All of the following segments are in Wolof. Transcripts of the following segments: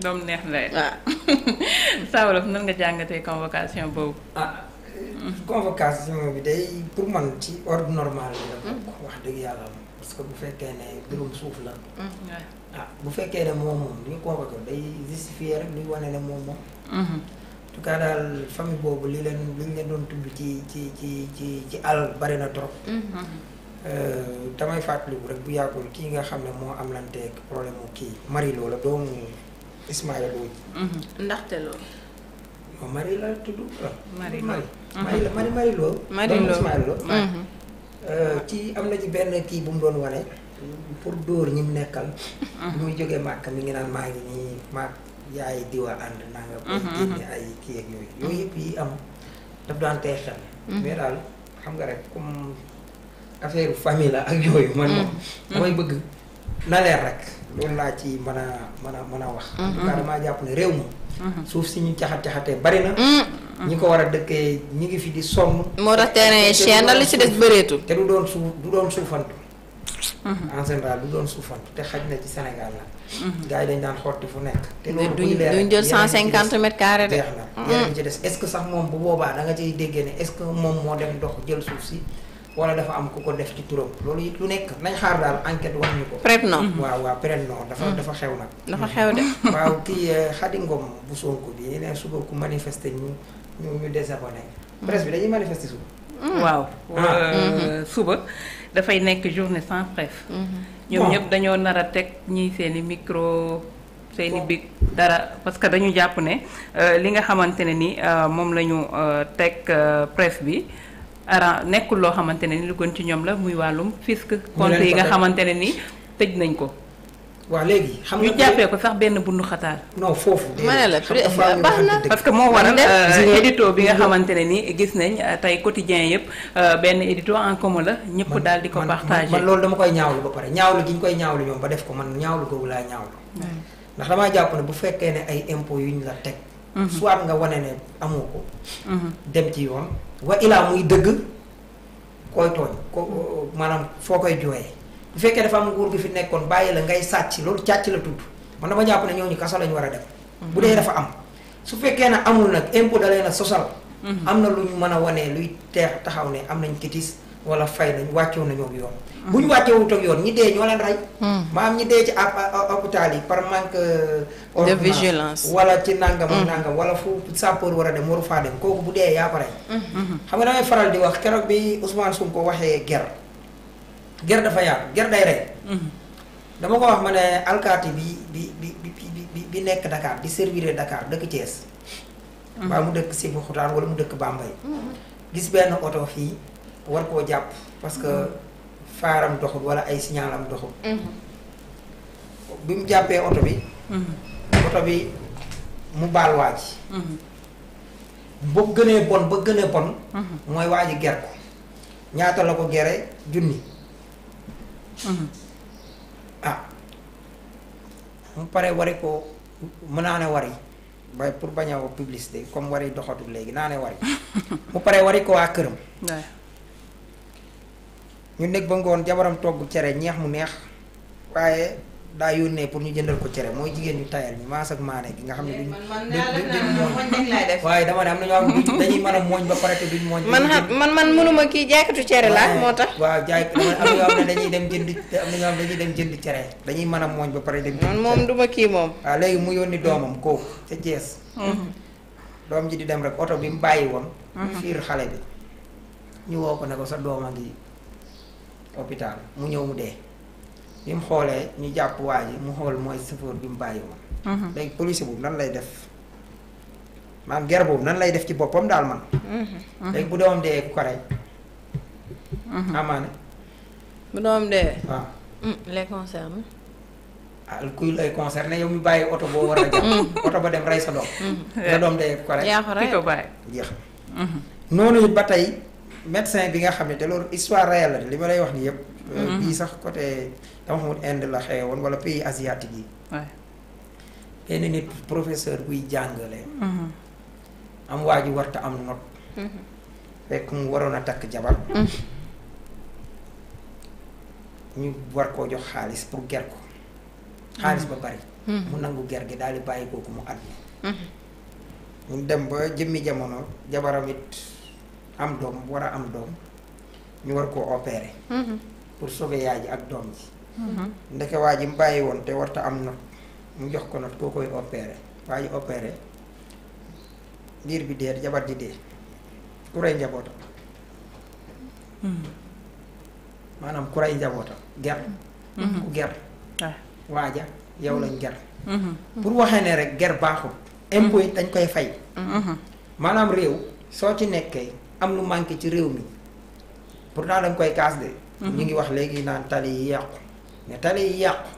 doom neex ndey. waaw Sawolof nan nga jàngatee convocation boobu. ah convocation bi day pour man ci ordre normal la. Mm-hmm. wax dëgg yàlla parce que bu fekkee ne mbirum suuf la. Mm-hmm. ah bu fekkee ne moom moom li ñu convoqué day justifier ne moom moom. Mm-hmm. en tout cas daal famille boobu li leen li ñu leen doon tudd ci ci ci ci ci alal bari na trop. Euh, damay fàttaliku rek bu yàggul kii nga xam ne moo am lanteeg problème kii mari loola doomu Ismaïla Lô. Mhm. ndaxte loolu. non Marie la tudd. Marie Marie mhm. Marie Marie Marie Lô. Marie Lô Ismaïla mhm. euh, ci am na ci benn kii bu mu doon wane. pour dóor ñi mu nekkal. muy jógee màkk mi ngi naan maa ngi nii màkk yaay diwa ànd naa nga. koy kii ak yooyu. yooyu yëpp yi am daf daan teel xel. mais yooyu. man moom damay bëgg. na leer rek loolu laa ci mën a mën a mën a wax. Mhm. en tout damaa jàpp ne réew mi. Mhm. suuf si ñu caxat caxatee bari na. Mhm. ñi ko war a dëkkee ñu ngi fi di sonn. moo tax terrain chien na li ci des bëreetul. te du doon suuf du doon suufantu. en général du doon suufantu te xaj na ci Sénégal la. gars yi dañ daan xotti fu nekk. te loolu buy leer duñ jël cent cinquante mètres carrés de. jeex na yeneen ci des est que sax moom bu boobaa da nga ciy déggee ne est ce que moom moo dem dox jël suuf si. wala dafa am ku ko def ci turam loolu it lu nekk nañ xaar daal enquête wax ñu ko. prête-nom mm-hmm. waaw waaw prête-nom dafa mm. dafa xew nag. dafa xew mm-hmm. waaw kii euh, Khady Ngom bu Sonko bi ne ñu ñu ñu désabonné. Mm. bi dañuy manifester suba. Mm. waaw ah. euh, mm-hmm. suba dafay nekk journée sans presse. ñoom ñëpp dañoo nar a teg ñi seen micro. seen i big dara parce que dañu jàpp ne euh, li nga xamante ne ni moom la ñu teg presse bi. ara nekkul loo xamante ne ni lu gën ci ñoom la muy wàllum fisc compte yi nga xamante ne ni tëj nañ ko waaw léegi xam nga ñu ko sax benn bundu xataal. non foofu. ma ne na parce que moo waral. Euh, édito bi nga xamante ne ni gis nañ euh, tey quotidien yëpp euh, benn édito en commun la ñëpp daal di ko. partagé man loolu dama koy ñaawlu ba pare ñaawlu gi ñu koy ñaawlu ñoom ba def ko man ñaawlu googu laa ñaawlu. ndax damaa jàpp ne bu fekkee ne ay impôts yu ñu la teg. Mm-hmm. soit nga wone ne amoo ko. Mm-hmm. dem ci yoon. wa ilaa muy dëgg koy tooñ ko mm-hmm. maanaam foo koy jooyee bu fekkee dafa am nguur gi fi nekkoon bàyyi la ngay sàcc loolu càcc la tudd man dama jàpp ne ñu kaso lañu war a def. bu dee dafa am su fekkee ne amul nag impôt da leen sosal. am na lu ñu mën a wane luy teex taxaw ne am nañ kitis wala fay nañ wàccoo nañoo ak yoon. bu ñu wàccee yoon ñi dee ñoo leen rey. Hmm. maam ñi dee ci hôpital yi par manque. Euh, de vigilance wala ci nangam ak hmm. wala fu sapeur war a dem waru bu dee yaa ko rey. Hmm. faral di wax keroog bi Ousmane Sonko waxee ger ger dafa dama ko wax ma ne alkaati bi bi nekk Dakar di servir Dakar dëkk Thiès. waaye mu dëkk Sébikotane wala mu dëkk Bambey. gis benn oto fii. war koo jàpp parce que mm-hmm. faaram doxul wala ay signalam doxul mm-hmm. bi mu jàppee oto bi mm-hmm. oto bi mu baal waa ji gënee bon ba gënee bon mooy waa ger ko ñaata la ko gere junni ah mu pare wari ko mu naa ne wari ba pour bañ a publicité comme wari doxatul léegi naa ne wari mu pare wari ko waa këram ñu nekk ba ngoon jabaram togg cere ñeex mu neex waaye daa yónnee pour ñu jëndal ko cere mooy jigéen ñu tayal ñu maas ak maane gi nga xam ne duñ duñ waaye dama ne dañuy mën a mooñ ba pare te duñ mooñ man man man mënuma kii jaaykatu cere laa moo tax waaw jaay dañuy dem jënd am na dañuy dem jënd cere dañuy mën a mooñ ba pare dem man moom duma kii moom waaw léegi mu yónni doomam ko ca jees mhm. doom ji di dem rek oto bi mu bàyyi woon mhm. fiir xale bi ñu woo ko ne ko sa doom yi hôpital mu ñëw mu dee bi mu xoolee ñu jàpp waa mu xool mooy chauffeur bi mu bàyyi woon mhm. léegi police boobu nan lay def maanaam ger boobu nan lay def ci boppam daal man mhm. léegi bu doom dee ku ko rey mhm. amaane bu doom dee waaw hmm, ah kuy lay concerné yow mi bàyyi oto boo war a jàpp oto ba dem rey sa doom sa doom dee ko rey yaa ko noonu it ba tey médecin bi nga xam ne te loolu histoire réelle la li ma lay wax ni yëpp. Euh, mhm. bii sax côté dama xamul Inde la xew woon wala pays asiatique yi. benn nit professeur buy jàngale. Mhm. am waa ji warta am not. Mhm. fekk mu waroon a takk jabar. ñu war koo jox xaalis pour ger ko xaalis ba bari. mu nangu ger gi daal bàyyi kooku mu at mu dem ba jëmmi jamono jabaram it am doom war a am doom ñu war koo opérer. Mm-hmm. pour sauver yaay ji ak doom ji. Mm-hmm. ndeke waa ji mu bàyyi woon te warta am na mu jox ko not koo koy opérer waa ji opérer liir bi dee jabar di dee ku rey njabootam. Mm-hmm. maanaam ku rey njabootam ger. ku ger. Ah. waaja yow lañ ger. pour waxee ne rek ger baaxul. impôt it dañ koy fay. maanaam réew soo ci nekkee. am lu manqué ci réew mi pour da dañ koy kaas de. Mhm. ñu ngi wax léegi naan tali yi yàqu mais tali yi yàqu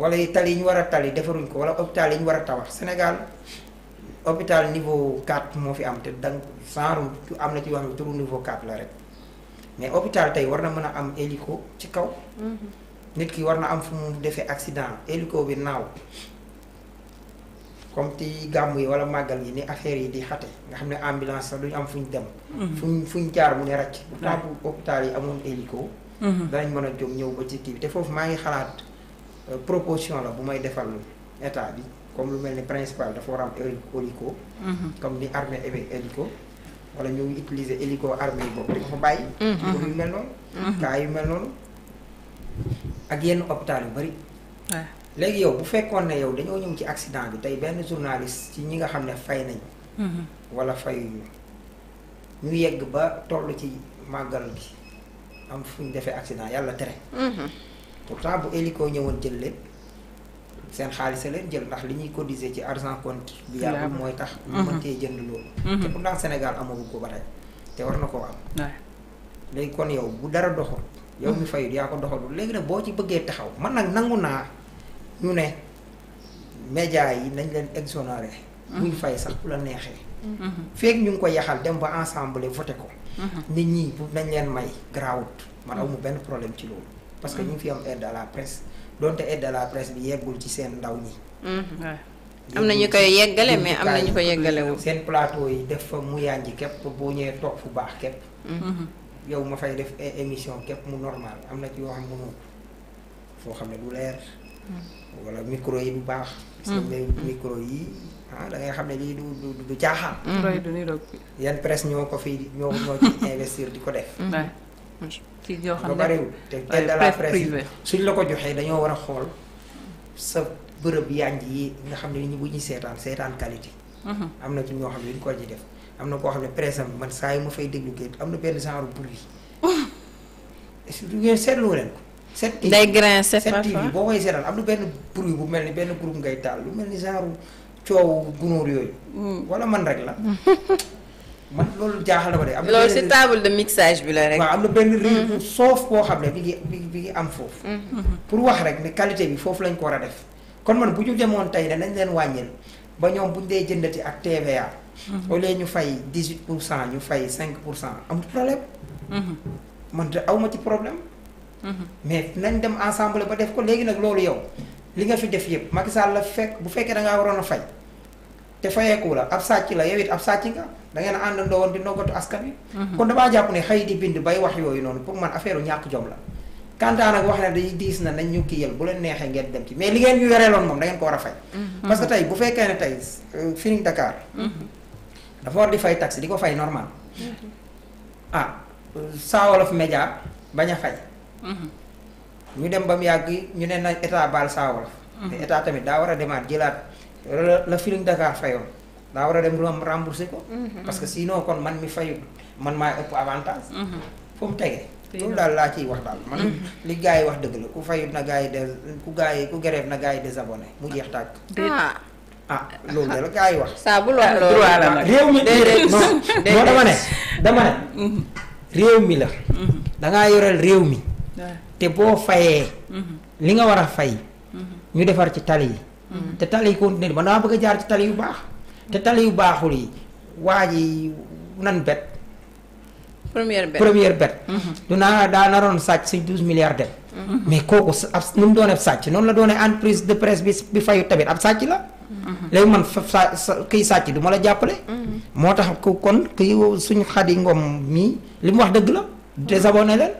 wala tali yi ñu war a tali defaruñ ko wala hôpital yi ñu war a tabax Sénégal hôpital niveau 4 moo fi am te dang genre am na ci yoo xam niveau 4 la rek mais hôpital tey war na mën a am hélico ci kaw. Mhm. nit ki war na am fu mu defee accident hélico bi naaw. comme ci gàmm yi wala màggal yi ni affaire yi di xate nga xam ne ambulance sax duñu am fuñ dem mhm. fuñ fuñ jaar mu ne ràcc pourtant bu hôpital yi amoon hélico mhm. danañ mën a jóg ñëw ba ci bi te foofu maa ngi xalaat euh, proposition la bu may defal état bi comme lu mel ni principal dafa war a am hélico mhm. comme ni armée hélico wala ñu utiliser hélico armée boobu dañ ko fa bàyyi yu mel noonu cas yu mel noonu ak yenn hôpital yu bëri léegi yow bu fekkoon ne yow dañoo ñëw ci accident bi tey benn journaliste ci ñi nga xam ne fay nañ mhm. wala fay ñu yegg ba toll ci màggal bi am fu ñu defee accident yàlla tere mhm. pourtant bu hélico ñëwoon jël leen seen xaalis a leen jël ndax li ñuy cotiser ci argent compte bi yàlla mooy tax ñu mhm. mën cee jënd loolu te pourtant Sénégal amagu ko ba te war na koo am léegi kon yow bu dara doxul yow mi fayut yaa ko doxalul léegi nag boo ci bëggee taxaw man nag ñu ne média yi nañ leen exonéré. buñ fay sax bu la neexee. feek ñu ngi ko yaxal dem ba ensemble voté ko. nit ñi bu nañ leen may grawut man mu benn problème ci loolu. parce que ñu ngi fi am aide la presse bi yeggul ci seen ndaw mm-hmm. am na ñu koy yeggale mais am na ñu ko yeggalewul seen plateau yi def fa mu yànji képp boo ñëwee toog fu baax képp. Mm-hmm. yow ma fay def émission képp mu normal am na ci yoo xam ne moom foo xam ne du leer. wala micro yi bu baax. gis nañ mm. micro yi ah xam ne lii du du du caaxaan. Mm. yan presse ñoo ko fi ñoo ñoo ci di ko def. Mm. ci yoo xam ne te te suñ la ko joxee dañoo war a xool sa bërëb yanj yi nga xam ne ñu bu ñu seetaan seetaan qualité. Mm-hmm. am na ci ñoo xam ne duñ ko ci def am na koo xam ne presse am man saa yi ma fay déglu géej am na benn genre bruit. est-ce que ngeen seetlu leen ko. 7TV day grincer parfois 7TV boo koy seetaan am na benn bruit bu mel ni benn groupe ngay taal lu mel ni genre coow gunóor yooyu. Hmm. wala man rek la. man loolu jaaxal na ma de. am na loolu si table de mixage bi la rek. am na benn hmm. soof boo xam ne bi ngi bi ngi am foofu. Hmm. pour wax rek ne qualité bi foofu lañ ko war a def kon man bu ñu demoon tey ne nañ leen wàññil ba ñoom bu ñu dee jëndati ak TVA. au lieu ñu fay 18 pour cent ñu fay cinq pour cent amul problème. man de aw ma ci problème. mais nañ dem ensemble ba def ko léegi nag loolu yow li nga fi def yëpp Macky Sall la fekk bu fekkee da ngaa waroon a fay te fayeeku la ab sàcc la yow it ab sàcc nga da ngeen a àndandoo woon di noggatu askan wi. Mhm. kon damaa jàpp ne xëy di bind bay wax yooyu noonu pour man affaire ñàkk jom la. kantaan ak wax ne dañuy diis na nañ ñu kii yal bu leen neexee ngeen dem ci mais li ngeen ko mhm. bu fekkee ne tey Feeling euh, Dakar. Mhm. dafa war di fay taxe di ko fay normal. ah euh, Saa Wolof Média bañ a fay. Mm-hmm. ñu dem ba mu yàgg ñu ne na état baal Saa Wolof mm-hmm. te tamit daa war a demaat jëlaat la la Feeling Dakar fayoon daa war a dem remboursé ko. Mm-hmm. parce que sinon kon man mi fayul man maa ëpp avantage. fu mu tege. loolu daal laa ciy wax daal man li gars yi wax dëgg la ku fayut na gaa yi des ku gars yi ku grève na gars yi de désabonné mu jeex tàkk. Ah. ah loolu de la gars yi wax. saa loolu droit la nag réew mi déedéet non dama ne dama ne réew mi la. dangaa mi. te boo fayee. li nga war a fay. ñu defar ci tali yi. te tali yi continuer man damaa bëgg a jaar ci tali yu baax. te tali yu baaxul yi waa ji nan bet. première bet première bet. Mhm. du naa daa naroon sàcc suñ douze milliards mhm. mais kooku ab nu mu doonee sàcc noonu la doonee entreprise de presse bi bi fayu tamit ab sàcc la. Mhm. léegi man fa sa kiy sàcc du ma la jàppale. moo tax kon kii suñu Xadi Ngom mii li mu wax dëgg la désabonné leen.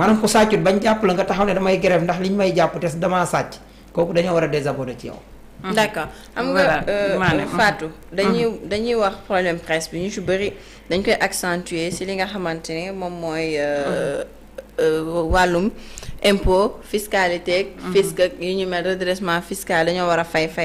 maanaam ko sàccut bañ jàpp la nga taxaw ne damay grève ndax liñ may jàpp te damaa sàcc kooku dañoo war a désabonné ci yow. Mm-hmm. d'accord xam nga euh, mm-hmm. Fatou dañuy mm-hmm. dañuy wax problème presse bi ñu ci bëri dañ koy accentuer si li nga xamante ne moom mooy euh, euh, wàllum impôt fiscalité fisc ak yu ñu mel redressement fiscal dañoo war a fay fay